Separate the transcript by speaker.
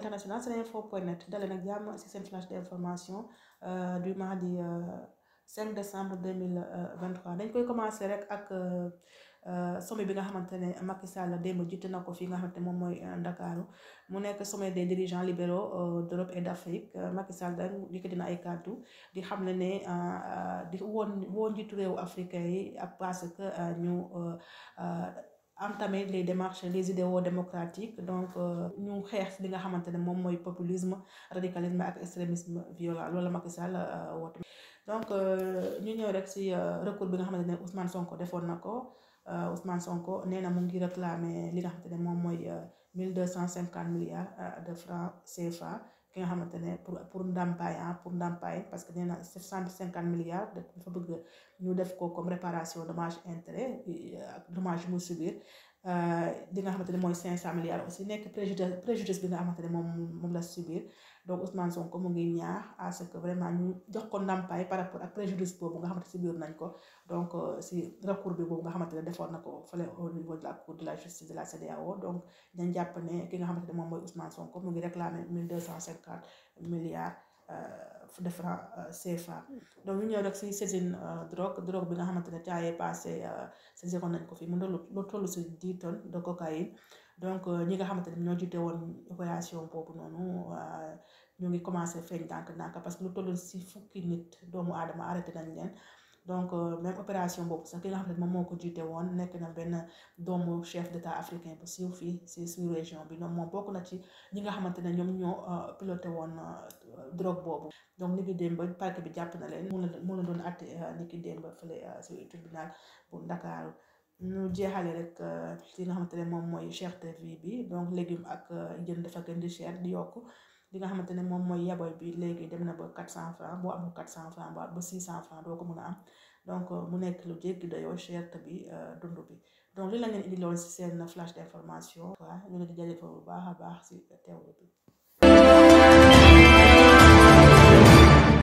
Speaker 1: international seneinfo point net dalee nag jàmm ci seen flash d'information euh, du mardi 5 euh, décembre 2023 dañ koy commencer rek ak euh, sommet bi nga xamante ne Macky Sall démb jiite na ko fii nga xamante ne moom mooy Ndakaaru mu nekk sommet des dirigeants libéro d'Europe et d'Afrique Macky Sall dañ yëkkati na ay kàddu di xam ne ne di woon woon njiitu réew africain yi ak parce que ñu entamer les démarches li idéaux démocratiques donc euh, ñu xeex li nga xamante ne moom mooy populisme radicalisme ak extrémisme violent loolu Macky Sall euh, woote donc euh, ñu ñëw rek ci recours bi nga xamante ne Ousmane Sonko defoon na ko Ousmane Sonko nee na mu ngi réclamer li nga xamante ne moom mooy mille deux cent cinquante milliards de francs CFA. ki nga xamante ne pour pour ndàmpaay ah pour ndàmpaay parce que nee na sept cent cinquante milliards dafa bëgg ñu def ko comme réparation dommage intérêt euh, ak dommage mu subir di euh, nga xamante ne mooy cinq cent milliards aussi nekk préjudice préjudice bi nga xamante ne moom moom la subir donc Ousmane Sonko mu ngi ñaax à ce que vraiment ñu jox ko ndàmpaay par rapport ak préjudice boobu nga xamante ne subir nañ ko donc euh, si recours bi boobu nga xamante ne defoon na ko fële au niveau de la cour de la justice de la CEDEAO donc dañ ne ki nga xamante ne moom mooy Ousmane Sonko mu ngi réclamer mille deux cent cinquante milliards. Euh, defra euh, CFA mm, donc ñu ñëw rek si saisine euh, drogue drogue bi nga xamante ne taayee passé saisiroon nañ ko fi mu ne lu toll si dix tonnes de cocaïne donc ñi nga xamante ne ñoo jiite woon opération boobu noonu ñu ngi commencé feeñ ndànk-ndànk parce que lu toll si fukki nit doomu aadama arrêté nañ leen donc euh, même opération boobu sax ki nga xam ne moom moo ko jiite woon nekk na benn doomu chef d'état africain bu siiw fii si suñu région bi ñoom moom bokk na ci ñi xamante ne ñoom ñoo euh, piloté woon euh, drogue boobu donc ni ki démb parquet bi jàpp na leen mun na mun doon àtte ni ki démb fële si tribunal bu Ndakaaru ñu jeexale rek ci nga xamante ne moom mooy cherté vie bi donc légume ak jën dafa gën di cher di yokk li nga xamante ne moom mooy yaboy bi léegi dem na ba 400 francs boo amul 400 francs ba ba 600 francs doo ko mën a donc euh, mu nekk lu jéggi dayoo cherté bi euh, dund bi donc li la ngeen indi lool ci seen flash d'information waaw ñu ne di jaajëfal bu baax a baax ci teewlu bi